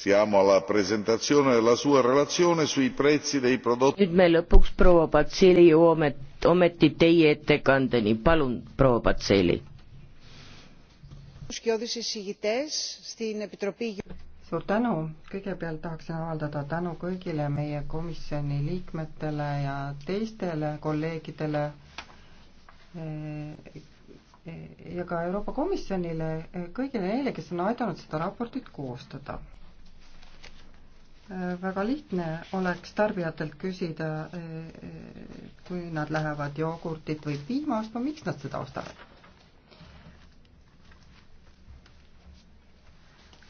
siamo alla presentazione della sua relazione sui prezzi dei prodotti. nüüd me lõpuks proua Patseli jõuame ometi teie ettekandeni, palun proua Patseli. suur tänu, kõigepealt tahaksin avaldada tänu kõigile meie komisjoni liikmetele ja teistele kolleegidele eh, eh, ja ka Euroopa Komisjonile, eh, kõigile neile, kes on aidanud seda raportit koostada väga lihtne oleks tarbijatelt küsida, kui nad lähevad jogurtit või piima ostma, miks nad seda ostavad?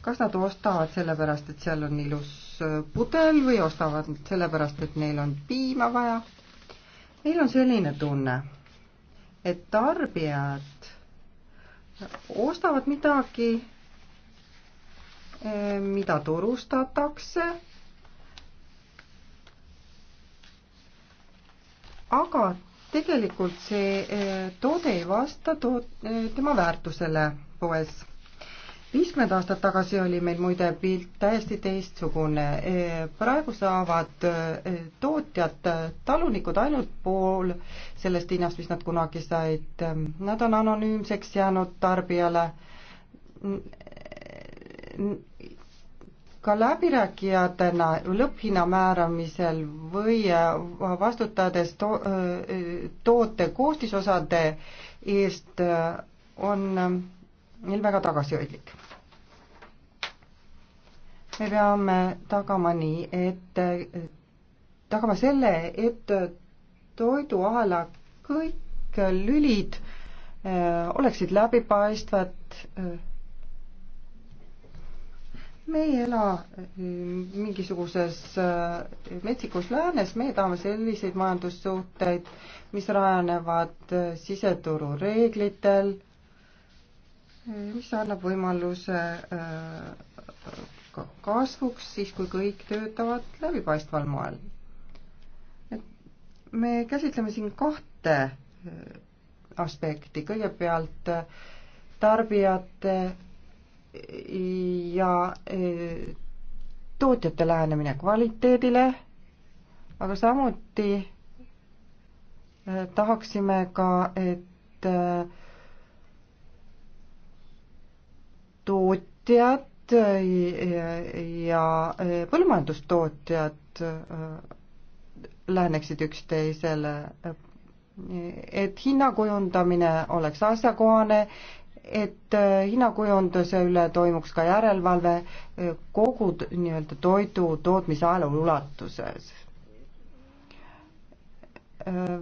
kas nad ostavad sellepärast, et seal on ilus pudel või ostavad sellepärast, et neil on piima vaja? meil on selline tunne, et tarbijad ostavad midagi, eh, mida turustatakse aga tegelikult see eh, toode ei vasta to-, eh, tema väärtusele poes. viiskümmend aastat tagasi oli meil muide pilt täiesti teistsugune. Eh, praegu saavad tootjad, talunikud ainult pool sellest hinnast, mis nad kunagi said. Nad on anonüümseks jäänud tarbijale ka läbirääkijatena lõpphinna määramisel või äh, vastutades to äh, toote koostisosade eest äh, on neil väga tagasihoidlik. me peame tagama nii, et, tagama selle, et toiduahela kõik lülid öö, oleksid läbipaistvad öö, me ei ela mm, mingisuguses äh, metsikus läänes, meie tahame selliseid majandussuhteid, mis rajanevad äh, siseturu reeglitel, äh, mis annab võimaluse kasvuks siis, kui kõik töötavad läbipaistval moel. et me käsitleme siin kahte aspekti, kõigepealt tarbijate ja eh, tootjate lähenemine kvaliteedile, aga samuti eh, tahaksime ka, et eh, tootjad ja põllumajandustootjad läheneksid üksteisele, et hinna kujundamine oleks asjakohane et äh, hinnakujunduse üle toimuks ka järelevalve äh, kogu nii-öelda toidu tootmisahela ulatuses. Äh,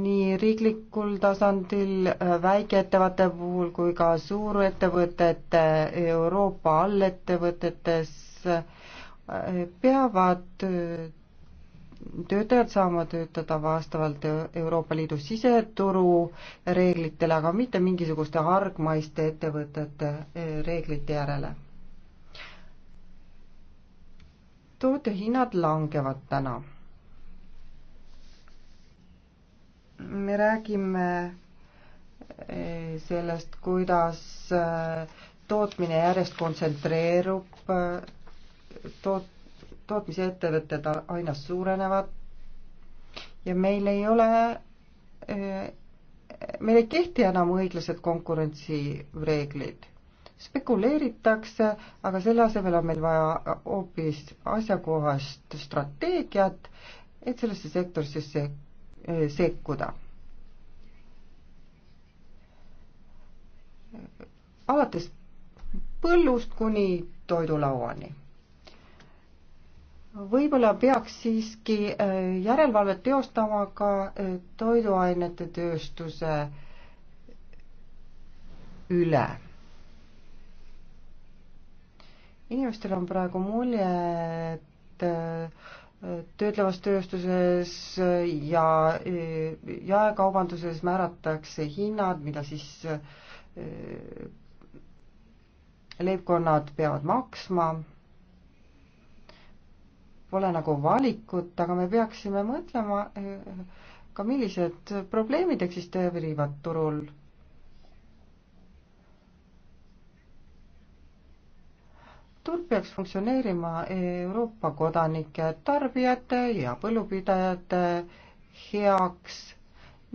nii riiklikul tasandil väikeettevõtte puhul kui ka suurettevõtete Euroopa allettevõtetes peavad töötajad saama töötada vastavalt Euroopa Liidu siseturu reeglitele, aga mitte mingisuguste hargmaiste ettevõtete eh, reeglite järele. tootehinnad langevad täna. me räägime eh, sellest, kuidas eh, tootmine järjest kontsentreerub, toot-, tootmisettevõtted aina suurenevad ja meil ei ole, äh, meil ei kehti enam õiglased konkurentsireeglid. spekuleeritakse, aga selle asemel on meil vaja hoopis asjakohast strateegiat, et sellesse sektorisse äh, sekkuda. alates põllust kuni toidulauani võib-olla peaks siiski äh, järelevalvet teostama ka äh, toiduainete tööstuse üle. inimestel on praegu mulje, et äh, töötlevas tööstuses ja jaekaubanduses määratakse hinnad, mida siis leibkonnad peavad maksma pole nagu valikut, aga me peaksime mõtlema eh, ka, millised probleemid eksisteerivad turul. turg peaks funktsioneerima Euroopa kodanike, tarbijate ja põllupidajate heaks,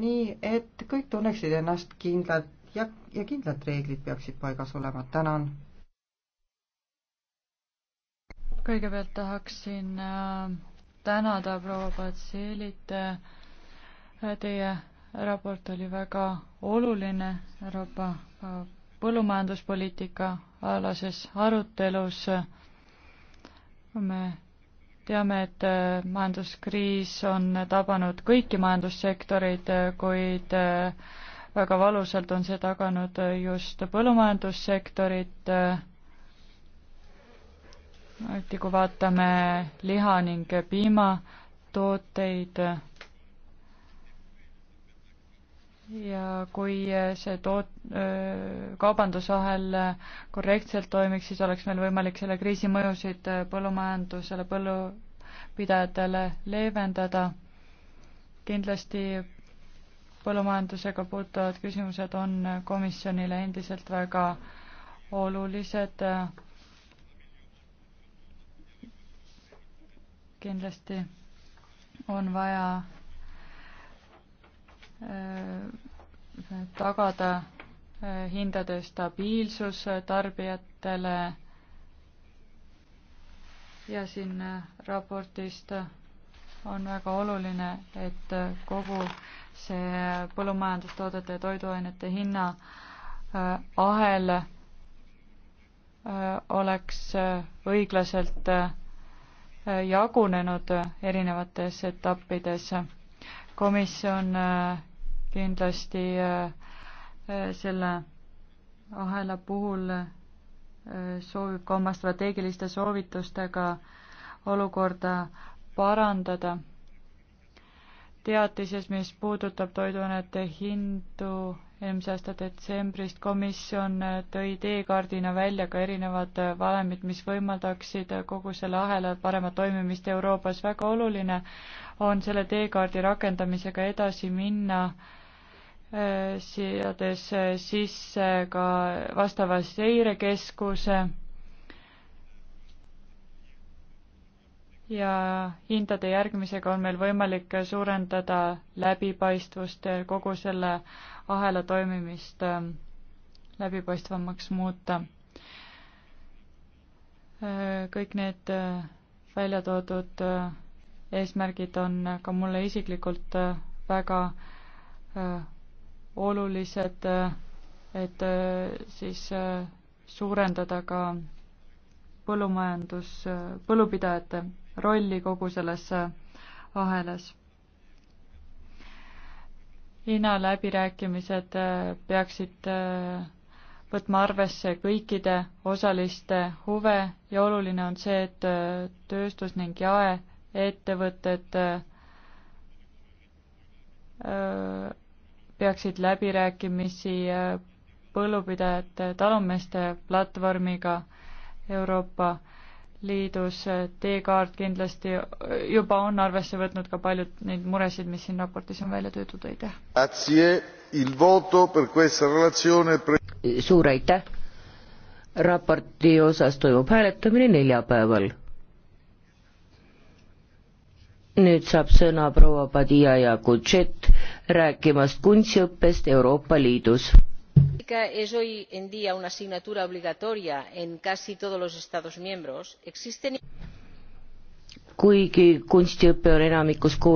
nii et kõik tunneksid ennast kindlalt ja, ja kindlad reeglid peaksid paigas olema. tänan kõigepealt tahaksin äh, tänada proua Patsiilit. Äh, teie raport oli väga oluline Euroopa äh, põllumajanduspoliitika alases arutelus. me teame, et majanduskriis on tabanud kõiki majandussektoreid, kuid väga valusalt on see taganud just põllumajandussektorit eriti kui vaatame liha ning piimatooteid ja kui see toot-, kaubandusahel korrektselt toimiks, siis oleks meil võimalik selle kriisi mõjusid põllumajandusele, põllupidajatele leevendada. kindlasti põllumajandusega puutuvad küsimused on komisjonile endiselt väga olulised kindlasti on vaja äh, tagada äh, hindade stabiilsus tarbijatele ja siin äh, raportist on väga oluline, et kogu see põllumajandustoodete ja toiduainete hinna ahel oleks õiglaselt jagunenud erinevates etappides. komisjon äh, kindlasti äh, selle ahela puhul äh, soovib ka oma strateegiliste soovitustega olukorda parandada. teatises, mis puudutab toiduainete hindu eelmise aasta detsembrist komisjon tõi teekaardina välja ka erinevad valemid, mis võimaldaksid kogu selle ahela paremat toimimist Euroopas. väga oluline on selle teekaardi rakendamisega edasi minna, eh, seades sisse ka vastava seirekeskuse ja hindade järgmisega on meil võimalik suurendada läbipaistvust ja kogu selle ahela toimimist ähm, läbipaistvamaks muuta. Äh, kõik need äh, välja toodud äh, eesmärgid on ka mulle isiklikult väga olulised, et siis suurendada ka põllumajandus, põllupidajate rolli kogu selles äh, ahelas. Hiina läbirääkimised äh, peaksid äh, võtma arvesse kõikide osaliste huve ja oluline on see, et tööstus ning jaeettevõtted peaksid läbirääkimisi põllupidajate talumeeste platvormiga Euroopa Liidus äh, teekaart kindlasti juba on arvesse võtnud ka paljud neid muresid, mis siin raportis on välja töötud, aitäh. suur aitäh. raporti osas toimub hääletamine neljapäeval. nüüd saab sõna proua Padija Jakutšet rääkimast kunstiõppest Euroopa Liidus política es hoy en día una asignatura obligatoria en casi todos los estados miembros existen kuigi kunstiõpe on enamikus